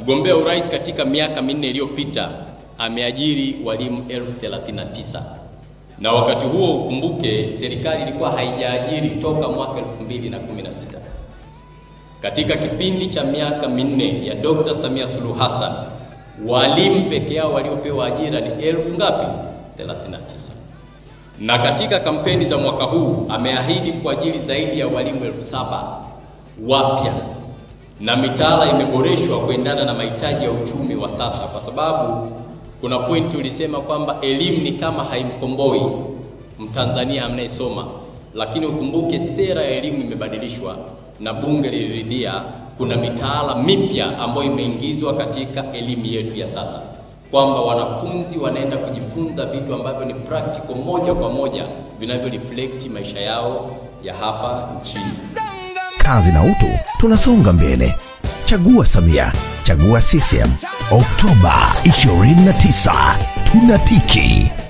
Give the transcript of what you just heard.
Mgombea urais katika miaka minne iliyopita ameajiri walimu elfu thelathini na tisa na wakati huo ukumbuke, serikali ilikuwa haijaajiri toka mwaka 2016. Katika kipindi cha miaka minne ya Dr. Samia Suluhu Hassan walimu peke yao waliopewa ajira ni elfu ngapi? 39. Na katika kampeni za mwaka huu ameahidi kuajiri zaidi ya walimu elfu saba wapya na mitaala imeboreshwa kuendana na mahitaji ya uchumi wa sasa, kwa sababu kuna pointi ulisema kwamba elimu ni kama haimkomboi Mtanzania anayesoma, lakini ukumbuke sera ya elimu imebadilishwa na bunge liliridhia, kuna mitaala mipya ambayo imeingizwa katika elimu yetu ya sasa, kwamba wanafunzi wanaenda kujifunza vitu ambavyo ni practical moja kwa moja reflect maisha yao ya hapa nchini kazi na utu, tunasonga mbele. Chagua Samia, chagua CCM. Oktoba 29 tunatiki.